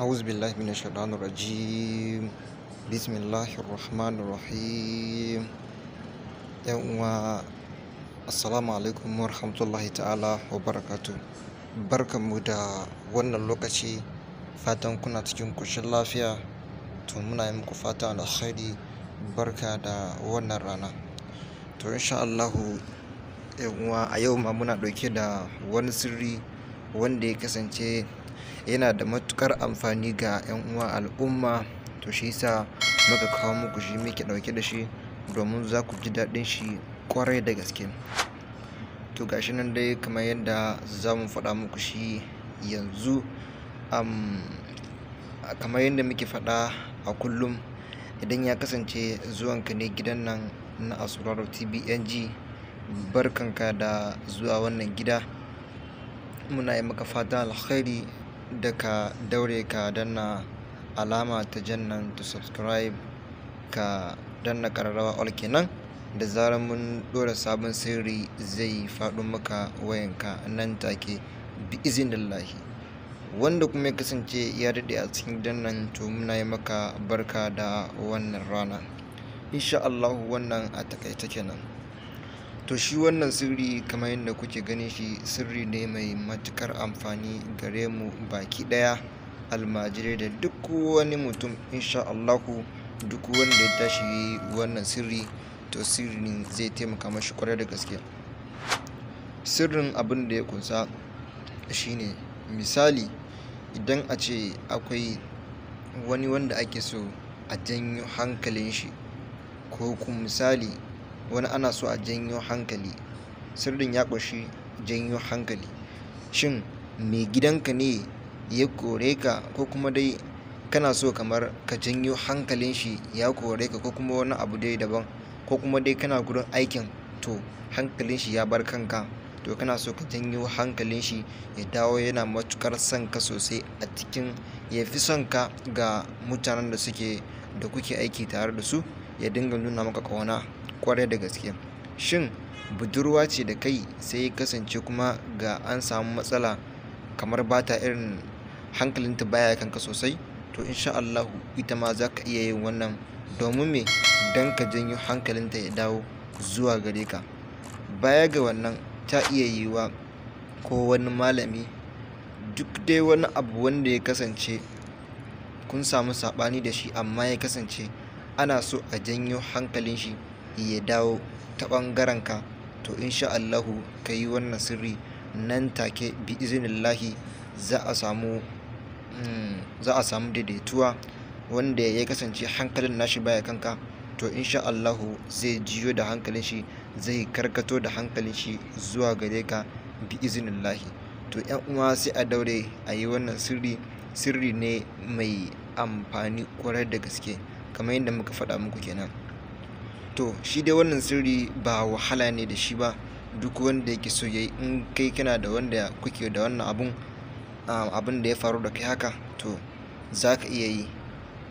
أعوذ بالله من الشيطان الرجيم بسم الله الرحمن الرحيم يوم السلام عليكم ورحمة الله تعالى وبركاته barkanmu da wannan lokaci fatan kuna cikin ƙoshin lafiya to muna yi muku fata alkhairi barka da wannan rana to insha Allahu a yau ma muna ɗauke da wani sirri wanda ya kasance yana da matukar amfani ga 'yan uwa al'umma to shi sa muka kawo muku shi muke dauke da shi domin za ku ji daɗin shi kwarai da gaske to gashi nan dai kamar yadda za mu faɗa muku shi yanzu kamar yadda muke faɗa a kullum idan ya kasance zuwanka ne gidan nan na asuraro tbng barkanka da zuwa wannan gida muna yi maka fatan alkhairi da ka daure ka danna alama ta jannan to subscribe ka danna kararrawa all kenan da zarar mun dora sabon sirri zai faɗo maka wayanka nan take bi lahi wanda kuma ya kasance ya daɗe a cikin dannan to muna yi maka barka da wannan rana insha Allah wannan a takaita kenan to shi wannan sirri kamar yadda kuke ganin shi sirri ne mai matukar amfani gare mu baki daya almajirai da duk wani mutum insha Allahu duk wanda ya tashi wannan sirri to sirrin zai taimaka mashi kwarai da gaske sirrin abin da ya kunsa shine misali idan a ce akwai wani wanda ake so a janyo hankalin shi ko kuma misali wani ana so a janyo hankali sirrin ya ƙunshi janyo hankali shin mai gidanka ne ya kore ka ko kuma dai kana so kamar ka janyo hankalin shi ya kore ka ko kuma wani abu dai daban ko kuma dai kana gurin aikin to hankalin shi ya bar kanka to kana so ka janyo hankalin shi ya dawo yana matukar son ka sosai a cikin ya fi son ka ga mutanen da suke da kuke aiki tare da su ya dinga nuna maka ƙauna kwarai da gaske shin budurwa ce da kai sai kasance kuma ga an samu matsala kamar ba ta irin hankalinta baya kanka sosai to insha Allahu ita ma za ka iya yin wannan domin me don ka janyo hankalinta ya dawo zuwa gare ka baya ga wannan ta iya yiwa ko wani malami duk dai wani abu wanda ya kasance kun samu saɓani da shi amma ya kasance ana so a janyo hankalin shi ya dawo ta ɓangaren ka to insha Allahu ka yi wannan sirri nan take bi izinillahi samu mm, za a samu daidaituwa wanda ya kasance hankalin nashi baya kanka to insha Allahu zai jiyo da hankalin shi zai karkato da hankalin shi zuwa gare ka bi izinillahi to yan uwa sai a daure a yi wannan sirri sirri ne mai amfani kwarar da gaske kamar yadda muka faɗa muku kenan to shi dai wannan sirri ba wahala ne da shi ba duk wanda yake so yayi in kai kana da wanda kuke da wannan abun abin da ya faru da kai haka to za ka iya yi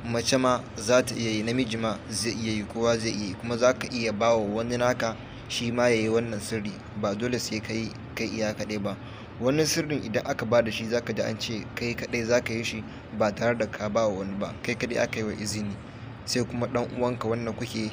mace ma za ta iya yi namiji ma zai iya yi kowa zai iya yi kuma za ka iya ba wa wani naka shi ma ya yi wannan sirri ba dole sai kai kai iya kaɗai ba wannan sirrin idan aka ba da shi za ka ji an ce kai kaɗai za ka yi shi ba tare da ka ba wa wani ba kai kaɗai aka yi wa izini sai kuma ɗan uwanka wannan kuke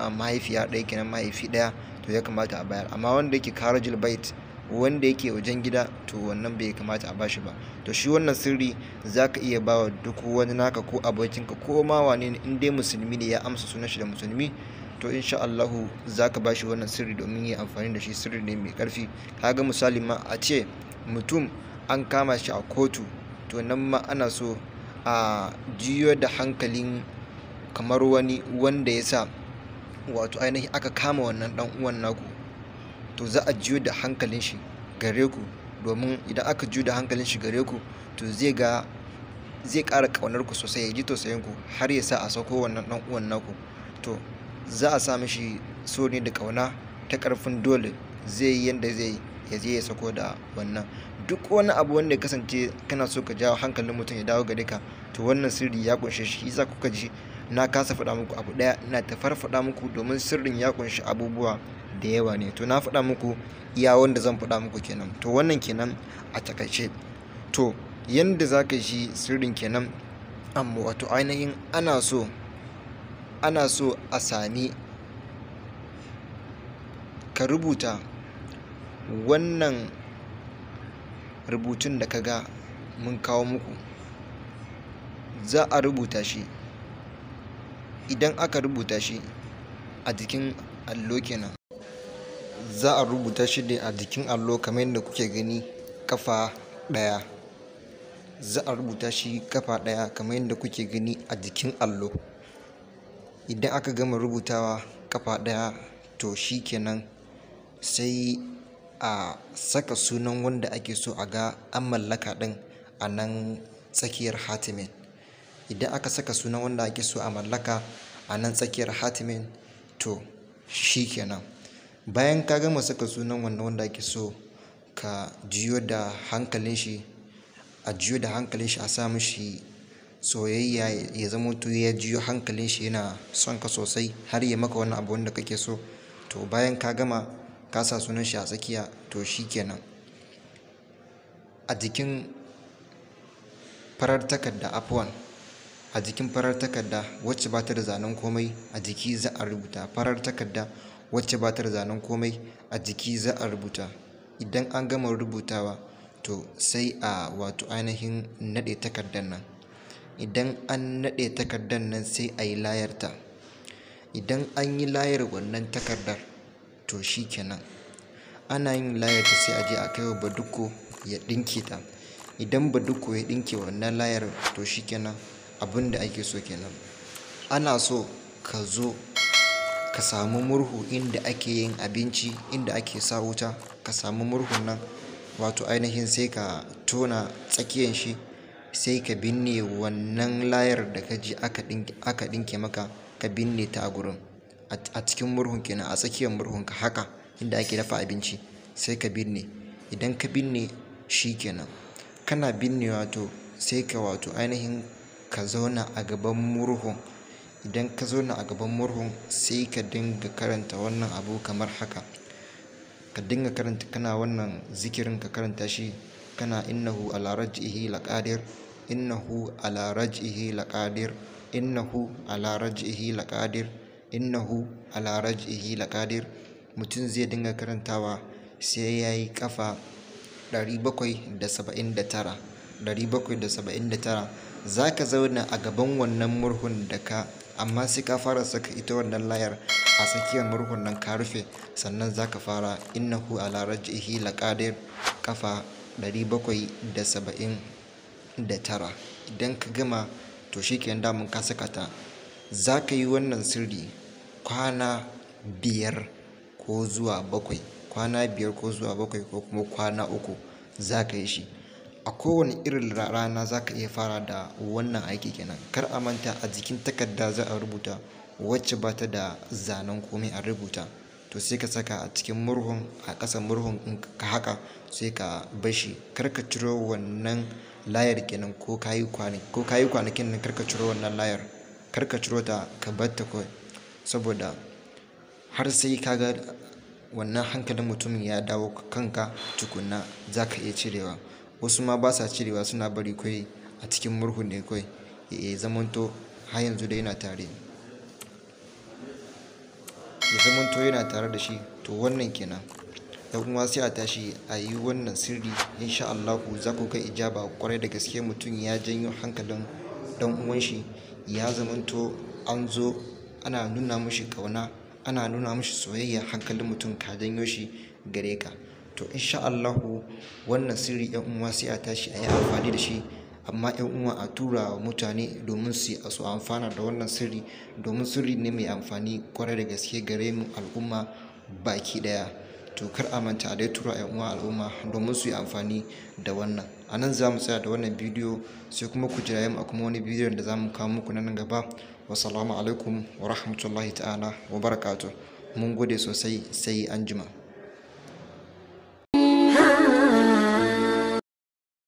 a mahaifiya ɗaya kenan mahaifi ɗaya to ya kamata a bayar amma wanda yake karajul bait wanda yake wajen gida to wannan bai kamata a bashi ba to shi wannan sirri za ka iya bawa duk wani naka ko abokinka ko ma wane ne in dai musulmi ne ya amsa sunan shi da musulmi to insha Allahu za ka bashi wannan sirri domin ya amfani da shi sirri ne mai karfi kaga misali ma a ce mutum an kama shi a kotu to nan ma ana so a jiyo da hankalin kamar wani wanda ya sa wato ainihin aka kama wannan dan uwan naku to za a juyo da hankalin shi gare ku domin idan aka juyo da hankalin shi gare ku to zai ga zai ƙara ƙaunar ku sosai ya ji tausayin ku har ya sa a sauko wannan dan uwan naku to za a sa mishi so ne da kauna ta karfin dole zai yi yadda zai ya je ya sako da wannan duk wani abu wanda ya kasance kana so ka jawo hankalin mutum ya dawo gare ka to wannan sirri ya kunshe shi za kuka ji na kasa faɗa muku abu ɗaya na ta farfaɗa muku domin sirrin ya kunshi abubuwa da yawa ne to na faɗa muku iya wanda zan faɗa muku kenan to wannan kenan a takaice to yanda za ka ji sirrin kenan amma wato ainihin ana so ana so a sami ka rubuta wannan rubutun da ka ga mun kawo muku za a rubuta shi idan aka rubuta shi a jikin allo kenan za a rubuta shi ne a jikin allo kamar yadda kuke gani kafa ɗaya za a rubuta shi kafa ɗaya kamar yadda kuke gani a jikin allo idan aka gama rubutawa kafa ɗaya to shi kenan sai a saka sunan wanda ake so a ga an mallaka ɗin a nan tsakiyar hatimin idan aka saka sunan wanda ake so a mallaka a nan tsakiyar hatimin to shi kenan bayan ka gama saka sunan wannan wanda ake so ka jiyo da hankalin shi a jiyo da hankalin shi a sa mishi soyayya ya zama to ya jiyo hankalin shi yana son ka sosai har ya maka wani abu wanda kake so to bayan ka gama ka sa sunan shi a tsakiya to shi kenan a jikin farar takarda afuwan a jikin farar takarda wacce ba ta da zanen komai a jiki za a rubuta farar takarda wacce ba ta da zanen komai a jiki za a rubuta idan an gama rubutawa to sai a wato ainihin naɗe takardar nan idan an naɗe takardar nan sai a yi layarta idan an yi layar wannan takardar to shi kenan ana yin layarta sai a je a kai wa baduko ya ɗinke ta idan baduko ya ɗinke wannan layar to shi kenan abin da ake so kenan ana so ka zo ka samu murhu inda ake yin abinci inda ake sa wuta ka samu murhun nan wato ainihin sai ka tona tsakiyan shi sai ka binne wannan layar da ka ji aka dinke maka ka binne ta a gurin a cikin murhun kenan a tsakiyar murhun ka haka inda ake dafa abinci sai ka binne idan ka binne shi kenan kana binne wato sai ka wato ainihin ka zauna a gaban murhun idan ka zauna a gaban murhun sai ka dinga karanta wannan abu kamar haka ka dinga karanta kana wannan zikirin ka karanta shi kana innahu ala raj'ihi laqadir innahu ala raj'ihi laqadir innahu ala raj'ihi laqadir innahu ala raj'ihi laqadir mutum zai dinga karantawa sai ya yi kafa 779 779 za ka zauna a gaban wannan murhun da ka amma sai ka fara saka ita wannan layar a tsakiyar murhun nan ka rufe sannan za ka fara innahu ala raj'ihi laqadir kafa 779 idan ka gama to shikenan damun ka saka ta za ka yi wannan sirri kwana biyar ko zuwa bakwai kwana biyar ko zuwa bakwai ko kuma kwana uku za ka yi shi a kowane irin rana za ka iya fara da wannan aiki kenan kar a manta a jikin takarda za a rubuta wacce ba ta da zanen komai a rubuta to sai ka saka a cikin murhun a ƙasan murhun in ka haka sai ka bashi kar ka ciro wannan layar kenan ko ka yi kwanakin nan kar ka ciro wannan layar kar ka ciro ta ka bar ta kawai saboda har sai ka ga wannan hankalin mutumin ya dawo kanka tukunna za ka iya cirewa wasu ma ba sa cirewa suna bari kwai a cikin murhun ne kai eh, ya zamanto har yanzu da yana tare ya zamanto yana tare da shi to wannan kenan yan kuma sai a tashi a yi wannan sirri insha Allah za ku kai ijaba kwarai da gaske mutum ya janyo hankalin dan uwan shi ya zamanto an zo ana nuna mishi kauna ana nuna mishi soyayya hankalin mutum ka janyo shi gare ka to insha Allahu wannan sirri yan uwa sai a tashi a yi amfani da shi amma yan uwa a tura wa mutane domin su su amfana da wannan sirri domin sirri ne mai amfani kwarai da gaske gare mu al'umma baki ɗaya to kar a manta a dai tura yan uwa al'umma domin su yi amfani da wannan a nan za mu tsaya da wannan bidiyo sai kuma ku jira mu a kuma wani bidiyon da za mu kawo muku na nan gaba wasalamu alaikum wa rahmatullahi ta'ala wa barakatuh mun gode sosai sai anjima